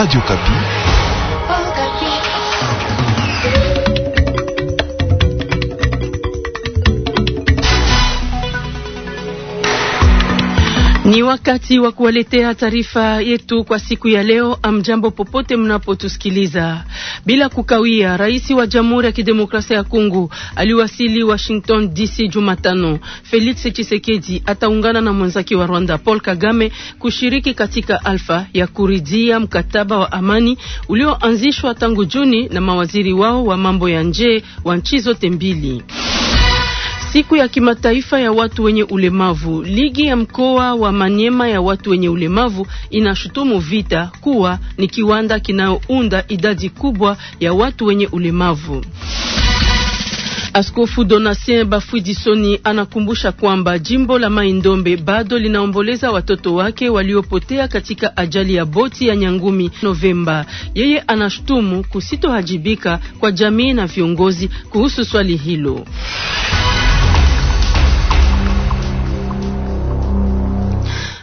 Radio Capi. Ni wakati wa kuwaletea taarifa yetu kwa siku ya leo. Amjambo popote mnapotusikiliza, bila kukawia, rais wa Jamhuri ya Kidemokrasia ya Kongo aliwasili Washington DC Jumatano. Felix Tshisekedi ataungana na mwenzake wa Rwanda Paul Kagame kushiriki katika alfa ya kuridhia mkataba wa amani ulioanzishwa tangu Juni na mawaziri wao wa mambo ya nje wa nchi zote mbili. Siku ya kimataifa ya watu wenye ulemavu. Ligi ya mkoa wa Manyema ya watu wenye ulemavu inashutumu vita kuwa ni kiwanda kinayounda idadi kubwa ya watu wenye ulemavu. Askofu Donatien bafuidisoni anakumbusha kwamba jimbo la Maindombe bado linaomboleza watoto wake waliopotea katika ajali ya boti ya Nyangumi Novemba. Yeye anashutumu kusitohajibika kwa jamii na viongozi kuhusu swali hilo.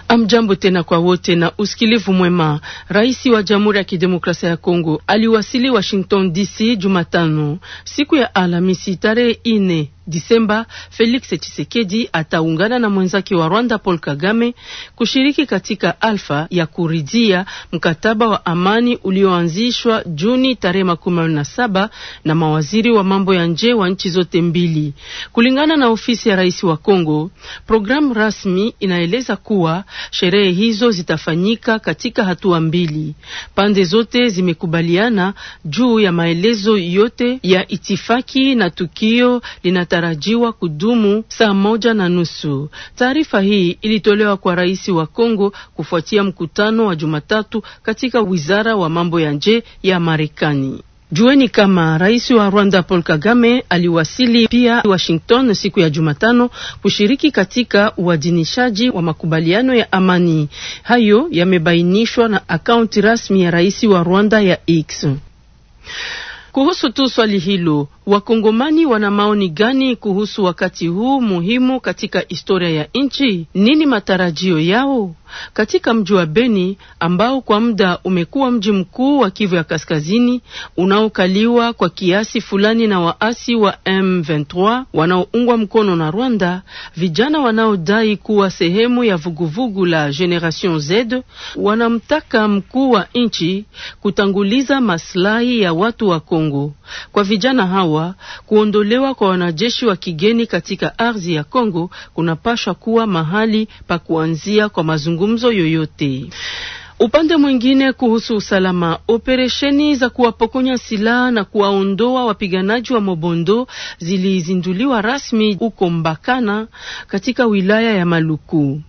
Amjambo tena kwa wote na usikilivu mwema. Rais wa Jamhuri ya Kidemokrasia ya Kongo aliwasili Washington DC Jumatano, siku ya Alhamisi tarehe ine Disemba, Felix Tshisekedi ataungana na mwenzake wa Rwanda Paul Kagame kushiriki katika alfa ya kuridhia mkataba wa amani ulioanzishwa Juni tarehe makumi na saba na mawaziri wa mambo ya nje wa nchi zote mbili. Kulingana na ofisi ya rais wa Kongo, programu rasmi inaeleza kuwa sherehe hizo zitafanyika katika hatua mbili. Pande zote zimekubaliana juu ya maelezo yote ya itifaki na tukio linata inatarajiwa kudumu saa moja na nusu. Taarifa hii ilitolewa kwa rais wa Kongo kufuatia mkutano wa Jumatatu katika wizara wa mambo ya nje ya Marekani. Jueni kama rais wa Rwanda Paul Kagame aliwasili pia Washington siku ya Jumatano kushiriki katika uadhinishaji wa makubaliano ya amani. Hayo yamebainishwa na akaunti rasmi ya rais wa Rwanda ya X. Kuhusu tu swali hilo, wakongomani wana maoni gani kuhusu wakati huu muhimu katika historia ya nchi? Nini matarajio yao? katika mji wa Beni ambao kwa muda umekuwa mji mkuu wa Kivu ya Kaskazini unaokaliwa kwa kiasi fulani na waasi wa M23 wanaoungwa mkono na Rwanda, vijana wanaodai kuwa sehemu ya vuguvugu la Generation Z wanamtaka mkuu wa nchi kutanguliza maslahi ya watu wa Kongo. Kwa vijana hawa, kuondolewa kwa wanajeshi wa kigeni katika ardhi ya Kongo kunapashwa kuwa mahali pa kuanzia kwa mazungumzo mazungumzo yoyote. Upande mwingine kuhusu usalama, operesheni za kuwapokonya silaha na kuwaondoa wapiganaji wa Mobondo zilizinduliwa rasmi huko Mbakana katika wilaya ya Maluku.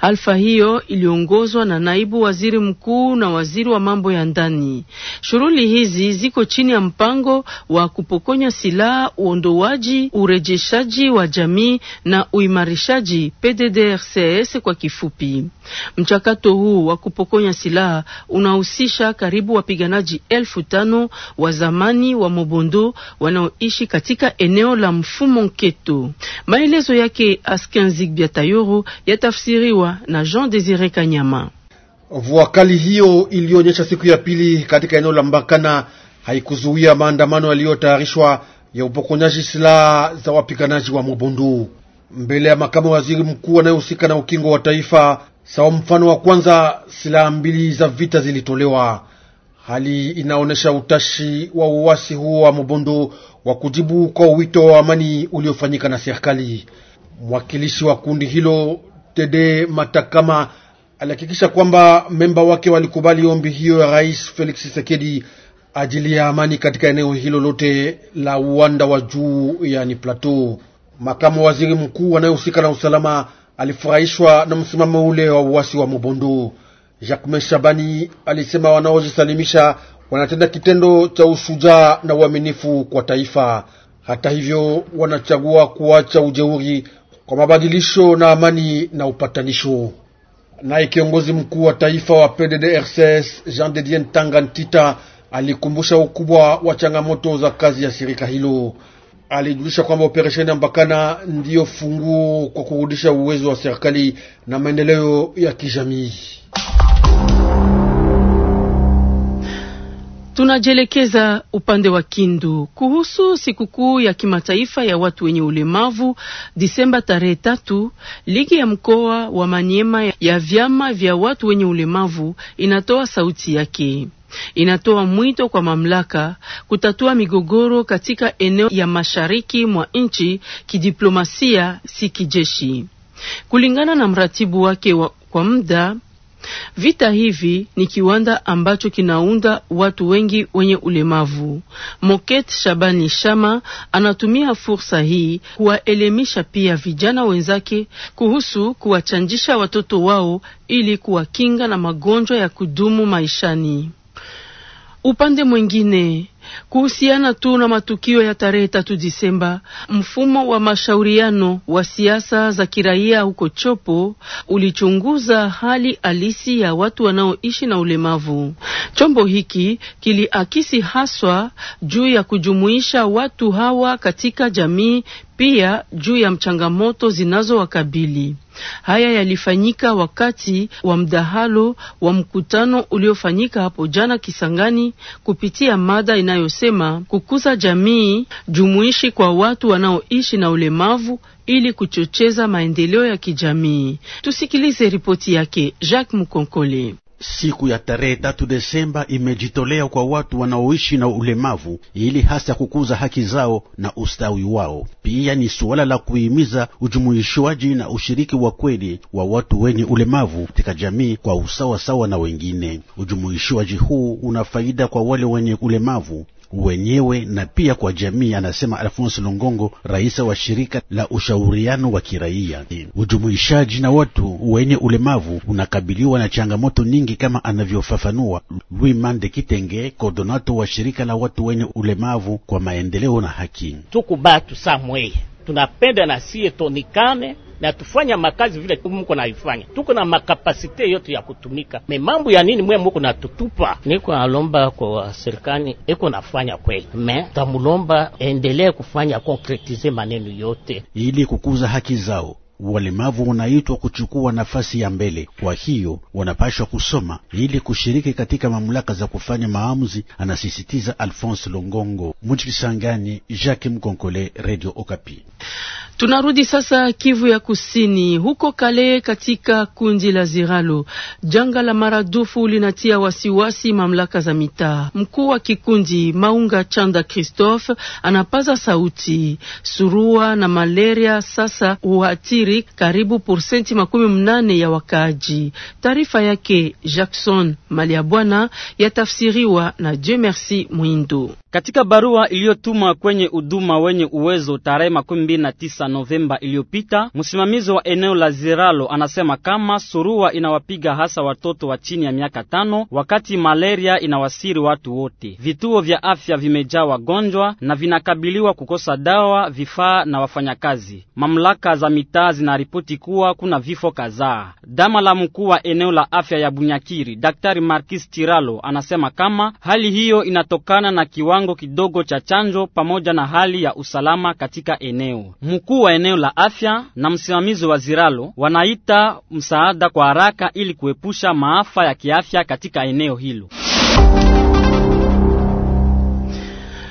Alfa hiyo iliongozwa na naibu waziri mkuu na waziri wa mambo ya ndani. Shughuli hizi ziko chini ya mpango wa kupokonya silaha, uondoaji, urejeshaji wa jamii na uimarishaji PDDRCS kwa kifupi. Mchakato huu wa kupokonya silaha unahusisha karibu wapiganaji elfu tano wa zamani wa Mobondo wanaoishi katika eneo la mfumo Nketo. Maelezo yake Askenzik Biatayoro yatafsiri yaliyotafsiriwa na Jean Desire Kanyama. Mvua kali hiyo iliyoonyesha siku ya pili katika eneo la Mbakana haikuzuia maandamano yaliyotayarishwa ya upokonyaji silaha za wapiganaji wa Mubundu mbele ya makamu waziri mkuu anayehusika na ukingo wa taifa. Sawa mfano wa kwanza, silaha mbili za vita zilitolewa. Hali inaonyesha utashi wa uwasi huo wa Mubundu wa kujibu kwa wito wa amani uliofanyika na serikali. Mwakilishi wa kundi hilo Tede Matakama alihakikisha kwamba memba wake walikubali ombi hiyo ya Rais Felix Tshisekedi ajili ya amani katika eneo hilo lote la uwanda wa juu, yani plateau. Makamu waziri mkuu anayehusika na usalama alifurahishwa na msimamo ule wa uasi wa Mobondo. Jacques Shabani alisema wanaojisalimisha wanatenda kitendo cha ushujaa na uaminifu kwa taifa. Hata hivyo, wanachagua kuacha ujeuri kwa mabadilisho na amani na upatanisho. Naye kiongozi mkuu wa taifa wa PDDRCS Jean Dedien Dieu Ntita alikumbusha ukubwa wa changamoto za kazi ya shirika hilo. Alijulisha kwamba operesheni ya Mbakana ndiyo funguo kwa kurudisha uwezo wa serikali na maendeleo ya kijamii. Tunajielekeza upande wa Kindu kuhusu sikukuu ya kimataifa ya watu wenye ulemavu Disemba tarehe tatu. Ligi ya mkoa wa Manyema ya vyama vya watu wenye ulemavu inatoa sauti yake inatoa mwito kwa mamlaka kutatua migogoro katika eneo ya mashariki mwa nchi kidiplomasia, si kijeshi, kulingana na mratibu wake wa kwa muda Vita hivi ni kiwanda ambacho kinaunda watu wengi wenye ulemavu. Moket Shabani Shama anatumia fursa hii kuwaelimisha pia vijana wenzake kuhusu kuwachanjisha watoto wao ili kuwakinga na magonjwa ya kudumu maishani. Upande mwingine Kuhusiana tu na matukio ya tarehe tatu Disemba, mfumo wa mashauriano wa siasa za kiraia huko Chopo ulichunguza hali halisi ya watu wanaoishi na ulemavu. Chombo hiki kiliakisi haswa juu ya kujumuisha watu hawa katika jamii, pia juu ya changamoto zinazowakabili. Haya yalifanyika wakati wa mdahalo wa mkutano uliofanyika hapo jana Kisangani kupitia mada inayosema kukuza jamii jumuishi kwa watu wanaoishi na ulemavu ili kuchocheza maendeleo ya kijamii. Tusikilize ripoti yake Jacques Mkonkole. Siku ya tarehe tatu Desemba imejitolea kwa watu wanaoishi na ulemavu ili hasa kukuza haki zao na ustawi wao. Pia ni suala la kuhimiza ujumuishwaji na ushiriki wa kweli wa watu wenye ulemavu katika jamii kwa usawa sawa na wengine. Ujumuishwaji huu una faida kwa wale wenye ulemavu wenyewe na pia kwa jamii, anasema Alphonse Longongo, rais wa shirika la ushauriano wa kiraia. Ujumuishaji na watu wenye ulemavu unakabiliwa na changamoto nyingi, kama anavyofafanua Louis Mande Kitenge, koordonato wa shirika la watu wenye ulemavu kwa maendeleo na haki. Tuku batu samwe tunapenda na siye tonikane na tufanya makazi vile mko naifanya, tuko na makapasite yote ya kutumika. Me mambo ya nini mwe muko natutupa? Niko nalomba kwa serikali iko nafanya kweli, me tamulomba endelee kufanya konkretize maneno yote ili kukuza haki zao. Walemavu wanaitwa kuchukua nafasi ya mbele, kwa hiyo wanapashwa kusoma ili kushiriki katika mamlaka za kufanya maamuzi, anasisitiza Alphonse Longongo. Mujikisangani, Jacques Mkonkole, Radio Okapi. Tunarudi sasa Kivu ya Kusini, huko Kale katika kundi la Ziralo, janga la maradufu linatia wasiwasi mamlaka za mitaa. Mkuu wa kikundi Maunga Chanda Christophe anapaza sauti, surua na malaria sasa huathiri karibu porsenti makumi mnane ya wakaaji. Taarifa yake Jackson Maliabwana yatafsiriwa na Merci Mwindo. Katika barua iliyotumwa kwenye uduma wenye uwezo tarehe 29 Novemba iliyopita, msimamizi wa eneo la Ziralo anasema kama surua inawapiga hasa watoto wa chini ya miaka tano, wakati malaria inawasiri watu wote. Vituo vya afya vimejaa wagonjwa na vinakabiliwa kukosa dawa, vifaa na wafanyakazi. Mamlaka za mitaa zinaripoti kuwa kuna vifo kadhaa. Dama la mkuu wa eneo la afya ya Bunyakiri, Daktari Markis Tiralo, anasema kama hali hiyo inatokana na kiwango kiwango kidogo cha chanjo pamoja na hali ya usalama katika eneo. Mkuu wa eneo la afya na msimamizi wa Ziralo wanaita msaada kwa haraka ili kuepusha maafa ya kiafya katika eneo hilo.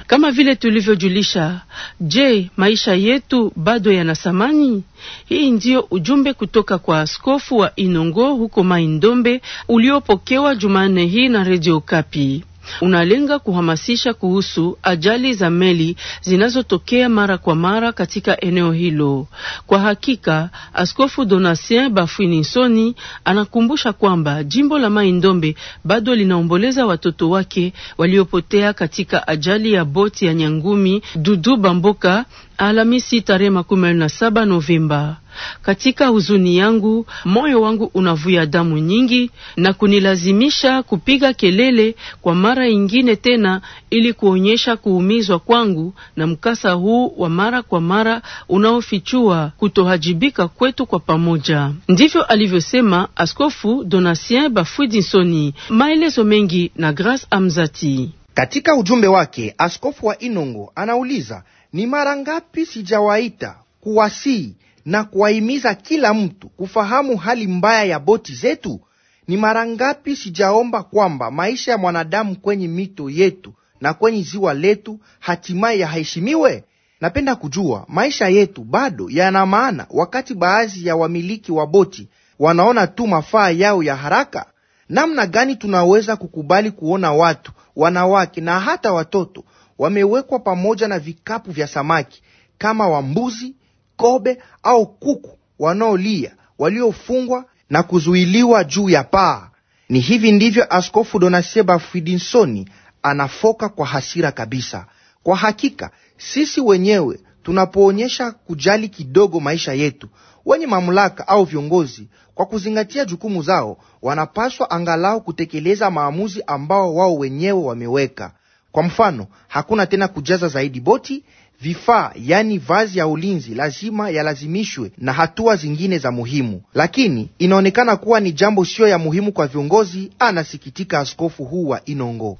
Kama vile tulivyojulisha, je, maisha yetu bado yana thamani? Hii ndiyo ujumbe kutoka kwa askofu wa Inongo huko maindombe uliopokewa Jumanne hii na Radio Kapi unalenga kuhamasisha kuhusu ajali za meli zinazotokea mara kwa mara katika eneo hilo. Kwa hakika, Askofu Donatien Bafuinisoni anakumbusha kwamba jimbo la Mai Ndombe bado linaomboleza watoto wake waliopotea katika ajali ya boti ya Nyangumi Dudu Bamboka Alhamisi tarehe saba Novemba. Katika huzuni yangu, moyo wangu unavuya damu nyingi na kunilazimisha kupiga kelele kwa mara ingine tena, ili kuonyesha kuumizwa kwangu na mkasa huu wa mara kwa mara unaofichua kutohajibika kwetu kwa pamoja. Ndivyo alivyosema Askofu Donatien Bafudinsoni. Maelezo mengi na Grace Amzati. Katika ujumbe wake, askofu wa Inongo anauliza ni mara ngapi sijawaita kuwasii na kuwahimiza kila mtu kufahamu hali mbaya ya boti zetu. Ni mara ngapi sijaomba kwamba maisha ya mwanadamu kwenye mito yetu na kwenye ziwa letu hatimaye yaheshimiwe. Napenda kujua maisha yetu bado yana maana, wakati baadhi ya wamiliki wa boti wanaona tu mafaa yao ya haraka. Namna gani tunaweza kukubali kuona watu, wanawake na hata watoto wamewekwa pamoja na vikapu vya samaki kama wambuzi kobe au kuku wanaolia waliofungwa na kuzuiliwa juu ya paa. Ni hivi ndivyo Askofu Donasie Bafidinsoni anafoka kwa hasira kabisa. Kwa hakika sisi wenyewe tunapoonyesha kujali kidogo maisha yetu, wenye mamlaka au viongozi, kwa kuzingatia jukumu zao, wanapaswa angalau kutekeleza maamuzi ambao wao wenyewe wameweka. Kwa mfano, hakuna tena kujaza zaidi boti vifaa yaani vazi ya ulinzi lazima yalazimishwe na hatua zingine za muhimu, lakini inaonekana kuwa ni jambo siyo ya muhimu kwa viongozi, anasikitika askofu huu wa Inongo.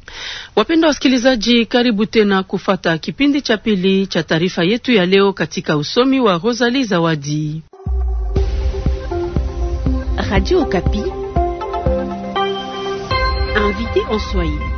Wapenda wasikilizaji, karibu tena kufata kipindi cha pili cha taarifa yetu ya leo katika usomi wa Rosalie Zawadi, Radio Okapi, invité en Swahili.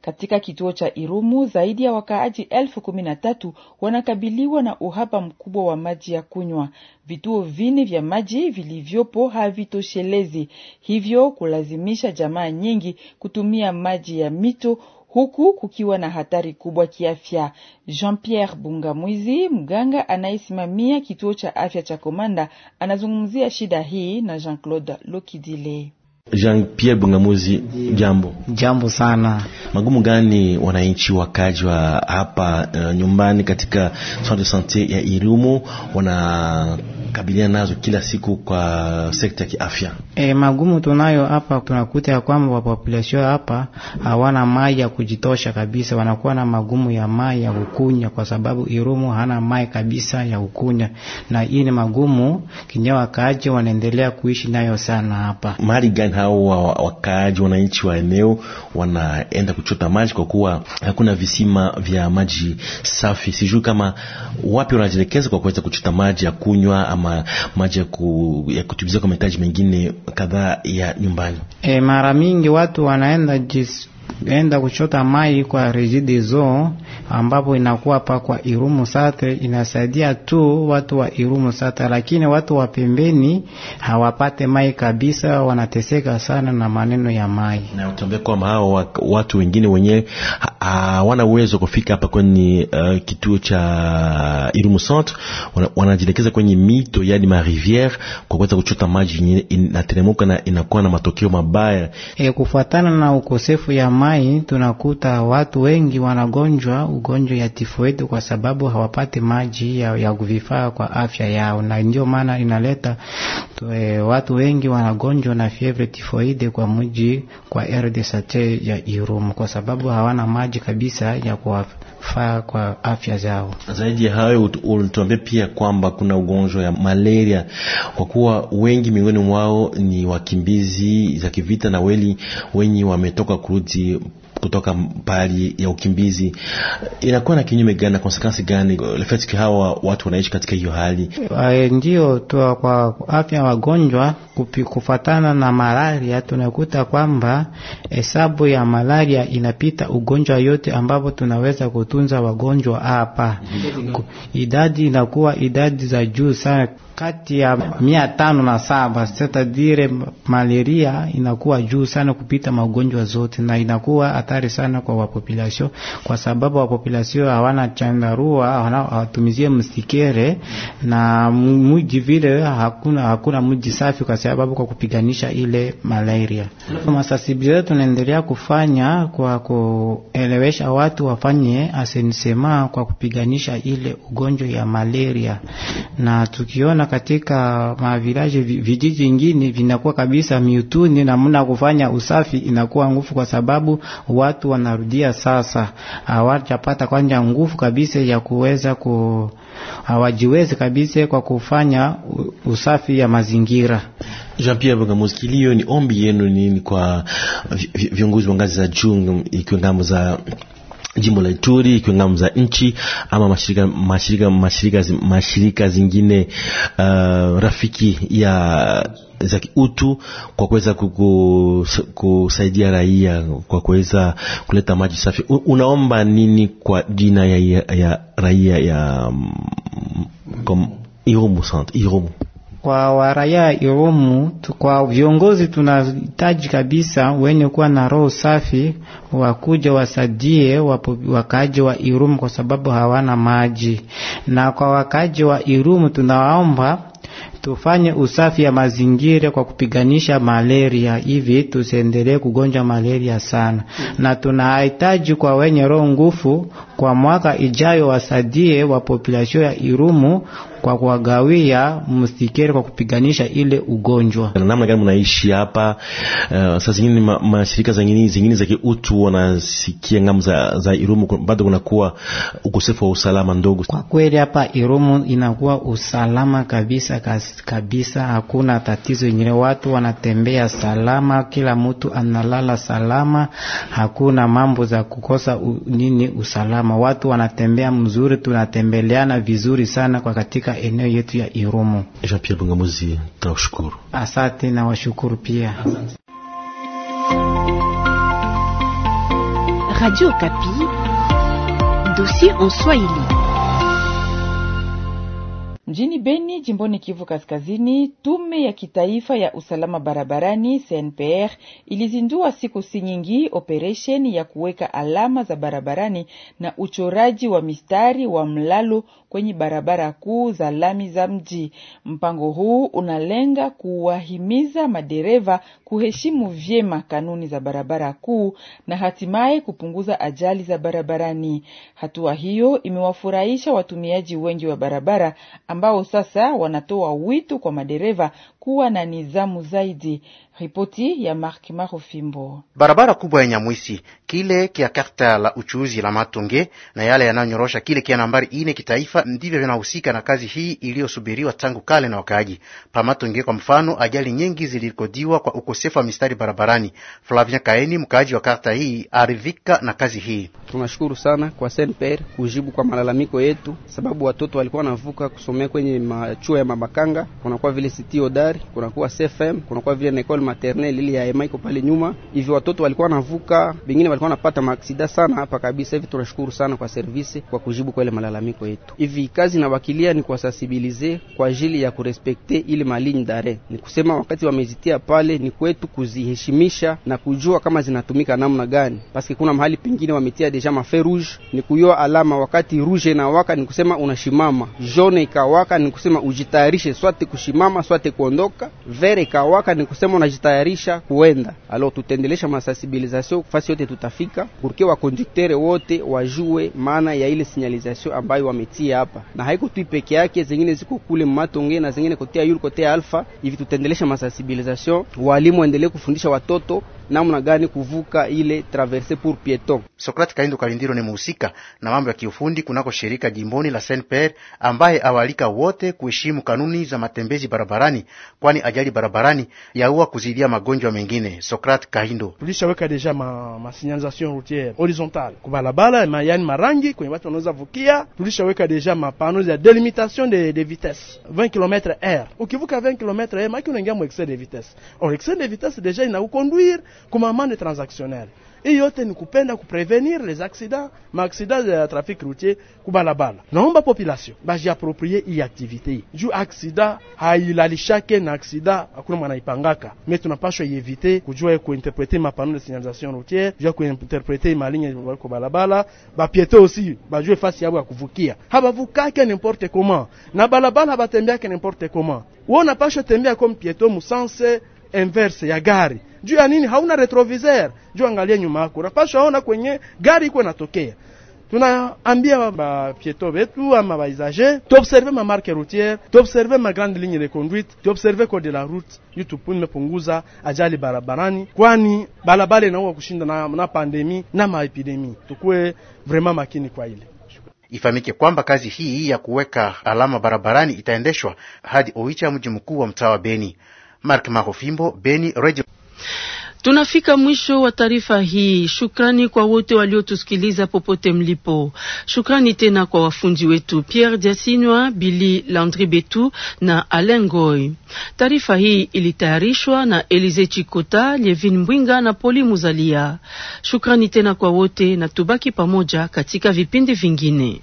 Katika kituo cha Irumu, zaidi ya wakaaji elfu kumi na tatu wanakabiliwa na uhaba mkubwa wa maji ya kunywa. Vituo vine vya maji vilivyopo havitoshelezi, hivyo kulazimisha jamaa nyingi kutumia maji ya mito huku kukiwa na hatari kubwa kiafya. Jean-Pierre Bungamwizi, mganga anayesimamia kituo cha afya cha Komanda, anazungumzia shida hii na Jean-Claude Lokidile. Jean Pierre Bungamuzi, jambo. Jambo sana. Magumu gani wananchi wakajwa hapa uh, nyumbani katika centre de sante ya Irumu wanakabiliana nazo kila siku kwa sekta ya kiafya? E, magumu tunayo hapa, tunakuta ya kwamba wapopulation hapa hawana mai ya kujitosha kabisa, wanakuwa na magumu ya mai ya kukunya, kwa sababu Irumu hana mai kabisa ya kukunya, na hii ni magumu kinyawa kaje wanaendelea kuishi nayo sana hapa. Mali gani majirani hao wakaaji, wananchi wa eneo wanaenda kuchota maji kwa kuwa hakuna visima vya maji safi. Sijui kama wapi wanajielekeza kwa kuweza kuchota maji ya kunywa ama maji ya, ku, ya kutumizia kwa mahitaji mengine kadhaa ya nyumbani. E, mara mingi watu wanaenda jis enda kuchota mai kwa Regideso ambapo inakuwa pa kwa Irumu Sate, inasaidia tu watu wa Irumu Sate, lakini watu wa pembeni hawapate mai kabisa, wanateseka sana na maneno ya mai. Na utambe kwa hao watu wengine wenye hawana uwezo kufika hapa kwenye uh, kituo cha Irumu Sate, wanajielekeza wana kwenye mito yani mariviere kwa kuweza kuchota maji yenyewe inateremuka na inakuwa na matokeo mabaya e, kufuatana na ukosefu ya Mai tunakuta watu wengi wanagonjwa ugonjwa ya tifoidi kwa sababu hawapati maji ya, ya kuvifaa kwa afya yao, na ndio maana inaleta tue, eh, watu wengi wanagonjwa na fievre tifoide kwa mji kwa RD Sate ya Irumu kwa sababu hawana maji kabisa ya kuwafaa kwa afya zao. Zaidi ya hayo, ulituambia pia kwamba kuna ugonjwa ya malaria, kwa kuwa wengi miongoni mwao ni wakimbizi za kivita na weli wenye wametoka kurudi you. kutoka pahali ya ukimbizi inakuwa na kinyume gani na konsekansi gani lefetiki hawa watu wanaishi katika hiyo hali? Eh, ndio toa kwa afya wagonjwa kufatana na malaria, tunakuta kwamba hesabu ya malaria inapita ugonjwa yote ambapo tunaweza kutunza wagonjwa hapa. Idadi inakuwa idadi za juu sana kati ya mia tano na saba setadire malaria inakuwa juu sana kupita magonjwa zote na inakuwa hatari sana kwa wapopulasio, kwa sababu wapopulasio hawana chandarua, hawatumizie msikere na mji vile hakuna, hakuna mji safi, kwa sababu kwa kupiganisha ile malaria. Masasibilizo tunaendelea kufanya kwa kuelewesha watu wafanye asenisema kwa kupiganisha ile ugonjwa ya malaria, na tukiona katika mavilaje vijiji ingine vinakuwa kabisa miutuni, namna kufanya usafi inakuwa ngufu kwa sababu watu wanarudia sasa, hawajapata kwanja nguvu kabisa ya kuweza ku, hawajiwezi kabisa kwa kufanya usafi ya mazingira. Jean Pierre kilio ni ombi yenu nini kwa viongozi wa ngazi za juu ikiwengamo za jimbo la Ituri ikiwa ngamu za nchi ama mashirika, mashirika, mashirika, mashirika zingine uh, rafiki ya za kiutu kwa kuweza kusaidia raia kwa kuweza kuleta maji safi. Unaomba nini kwa jina ya, ya raia ya um, Irumu, Irumu kwa waraya irumu kwa viongozi tunahitaji kabisa wenye kuwa na roho safi wakuja wasadie wakaji wa Irumu kwa sababu hawana maji, na kwa wakaji wa Irumu tunawaomba tufanye usafi ya mazingira kwa kupiganisha malaria, hivi tusiendelee kugonjwa malaria sana. Mm. Na tunahitaji kwa wenye roho ngufu kwa mwaka ijayo wasadie wa population ya Irumu kwa kuwagawia, msikere kwa kupiganisha ile ugonjwa. Namna gani mnaishi hapa? Uh, eh, sasa zingine ma, mashirika zingine zingine za kiutu wanasikia ngamu za, za Irumu bado kunakuwa ukosefu wa usalama ndogo. Kwa kweli hapa Irumu inakuwa usalama kabisa kabisa, hakuna tatizo ingine, watu wanatembea salama, kila mtu analala salama, hakuna mambo za kukosa u, nini usalama, watu wanatembea mzuri, tunatembeleana vizuri sana kwa katika katika eneo yetu ya Irumu. Jean-Pierre Bungamuzi, tunakushukuru. Asante na washukuru pia. Radio Kapi, dossier en Swahili. Mjini Beni, jimboni Kivu Kaskazini, tume ya kitaifa ya usalama barabarani CNPR ilizindua siku si nyingi operesheni ya kuweka alama za barabarani na uchoraji wa mistari wa mlalo kwenye barabara kuu za lami za mji. Mpango huu unalenga kuwahimiza madereva kuheshimu vyema kanuni za barabara kuu na hatimaye kupunguza ajali za barabarani. Hatua hiyo imewafurahisha watumiaji wengi wa barabara ambao sasa wanatoa wito kwa madereva kuwa na nidhamu zaidi. Ripoti ya Mark Marofimbo. Barabara kubwa ya Nyamwisi, kile kia karta la uchuuzi la Matonge na yale yanayonyorosha kile kia nambari ine kitaifa, ndivyo vinahusika na kazi hii iliyosubiriwa tangu kale na wakaaji pa Matonge. Kwa mfano, ajali nyingi zilikodiwa kwa ukosefu wa mistari barabarani. Flavien Kaeni, mkaaji wa karta hii, aridhika na kazi hii. Tunashukuru sana kwa Senper kujibu kwa malalamiko yetu, sababu watoto walikuwa wanavuka kusomea kwenye machuo ya mabakanga, kunakuwa vile sitio da sekondari, kunakuwa CFM, kunakuwa vile na école maternelle ile ya Emma iko pale nyuma. Hivi watoto walikuwa wanavuka, bengine walikuwa wanapata maksida sana hapa kabisa. Hivi tunashukuru sana kwa service kwa kujibu kwa ile malalamiko yetu. Hivi kazi na wakilia ni kuwasensibilize kwa ajili ya kurespekte ile maligne d'arret, ni kusema wakati wamezitia pale ni kwetu kuziheshimisha na kujua kama zinatumika namna gani, paske kuna mahali pengine wametia deja mafe rouge, ni kuyoa alama wakati rouge inawaka, ni kusema unashimama, jaune ikawaka, ni kusema ujitayarishe swate kushimama swate kuondoka kuondoka. Vere ikawaka ni kusema unajitayarisha kuenda. Alo, tutaendelesha masensibilizasio fasi yote tutafika, purke wa wote wajue maana ya ile sinyalizasio ambayo wametia hapa, na haiko tu peke yake, zingine ziko kule Matonge na zingine kotea yuri kotea Alfa. Hivi tutaendelesha masensibilizasio, walimu waendelee kufundisha watoto namna gani kuvuka ile traverse pour pieton. Sokrati Kaindo Kalindiro ni muhusika na mambo ya kiufundi kunako shirika jimboni la Saint Pierre, ambaye awalika wote kuheshimu kanuni za matembezi barabarani, kwani ajali barabarani yaua kuzidia magonjwa mengine. Sokrati Kalindo: tulishaweka deja ma, ma signalisation routiere horizontale kubalabala ma yani marangi kwenye watu wanaweza vukia. Tulishaweka deja panneaux ya delimitation de, de vitesse 20 km/h. Ukivuka 20 km/h maki unaingia mu excès de vitesse, or excès de vitesse deja inakuconduire ne transactionnel hii yote ni kupenda kuprevenir les accidents accidents de trafic routier kubalabala. Naomba population j'ai approprié hii activité accident, aksida hailalishake na akuna mwana ipangaka. me, tunapashwa ievite kujua ma mapano de signalisation routière routiere, ma ligne maligne kubalabala, balabala. piété aussi bajue face yabo ya kuvukia, habavukake nimporte comment na balabala, ke nimporte comment. Wo napashwa tembea comme piéton musanse inverse ya gari juu ya nini? Hauna retroviseur juu, angalia nyuma yako, unapaswa ona kwenye gari iko inatokea. Tunaambia ba pieto wetu ama baisage, tuobserve ma marque routière, tuobserve ma grande ligne de conduite, tuobserve code de la route YouTube imepunguza ajali barabarani, kwani barabara inaua kushinda na, na pandemi na maepidemi. Tukue vraiment makini kwa ile Ifahamike kwamba kazi hii ya kuweka alama barabarani itaendeshwa hadi Oicha, mji mkuu wa mtaa wa Beni. Mark Marofimbo, Beni Radio. Tunafika mwisho wa taarifa hii. Shukrani kwa wote waliotusikiliza popote mlipo. Shukrani tena kwa wafundi wetu Pierre Jasinwa, Billy Landri Betu na Alain Goy. Taarifa hii ilitayarishwa na Elize Chikota, Levin Mbwinga na Poli Muzalia. Shukrani tena kwa wote na tubaki pamoja katika vipindi vingine.